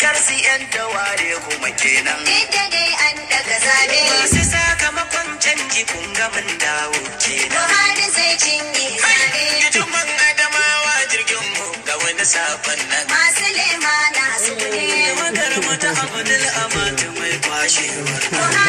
kar su yan taware kuma kenan duk dai an daga zabe masu sakamakon canji kun ga mun dawo kenan buhari zai cinye zabe man adamawa jirgin mu ga wani sabon nan masu lema na su ne magar abdul amatu mai kwashewa